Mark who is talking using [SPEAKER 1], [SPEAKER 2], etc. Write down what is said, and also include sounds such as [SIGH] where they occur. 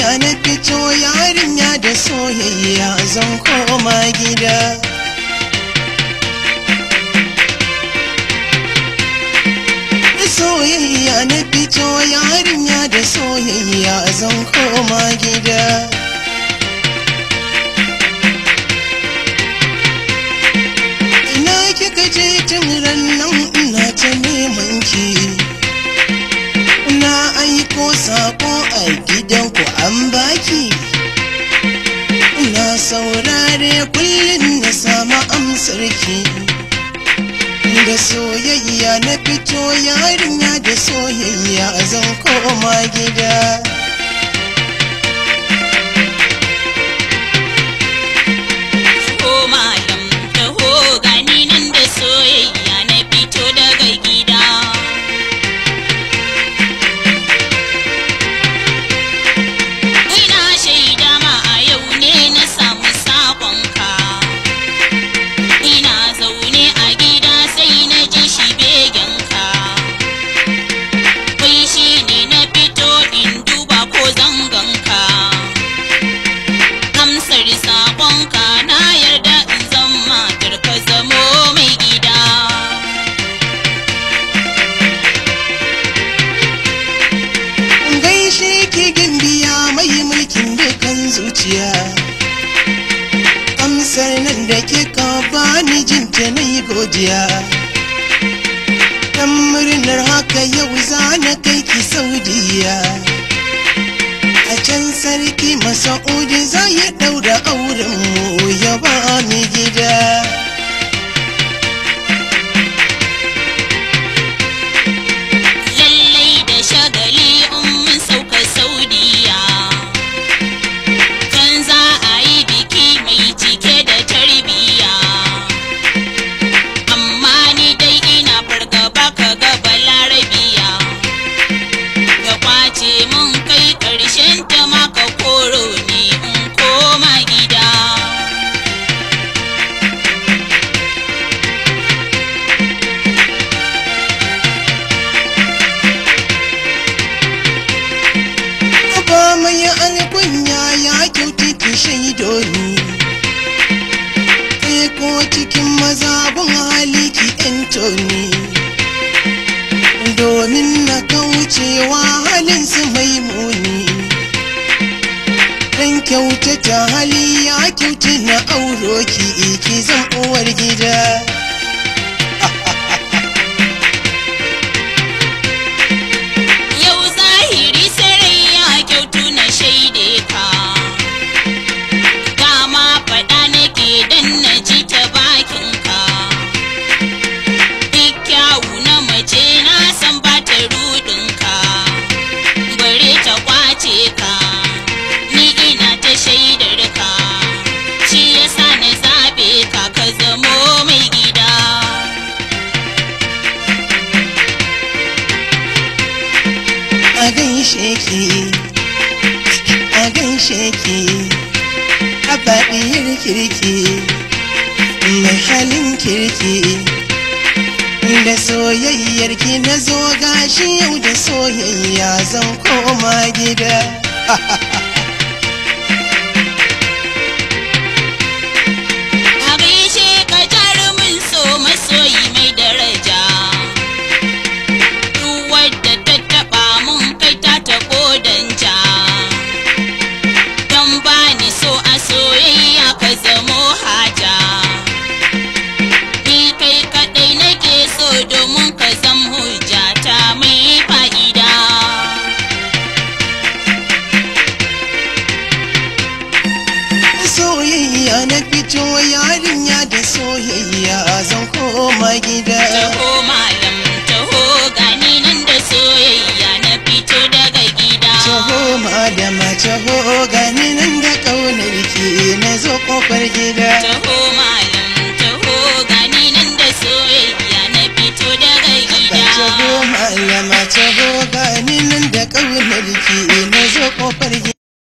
[SPEAKER 1] ya na fito yarinya da soyayya zan koma gida soyayya na fito yarinya da soyayya zan koma gida ina kika je tumuran ina ta neman ki na aiko sako gidan ku an baki na saurare kullum na samu ki da soyayya na fito yarinya da soyayya zan koma gida zuciya amsar nan da ke kika bani jin na yi godiya dan murnar haka yau za na kai ki saudiya a can sarki masaudi za ya daura auren mu ya ba shaidomi kai ko cikin maza mazabin haliki antoni domin na kaucewa halin su maimuni don kyautata hali ya kyauta na ki ki zan gaishe ki a faɗiyar kirki mai halin kirki da soyayyar ki na zo gashi yau da soyayya zan koma gida [LAUGHS] soyayya na fito yarinya da soyayya zan koma gida
[SPEAKER 2] koma yamma taho gani nan da soyayya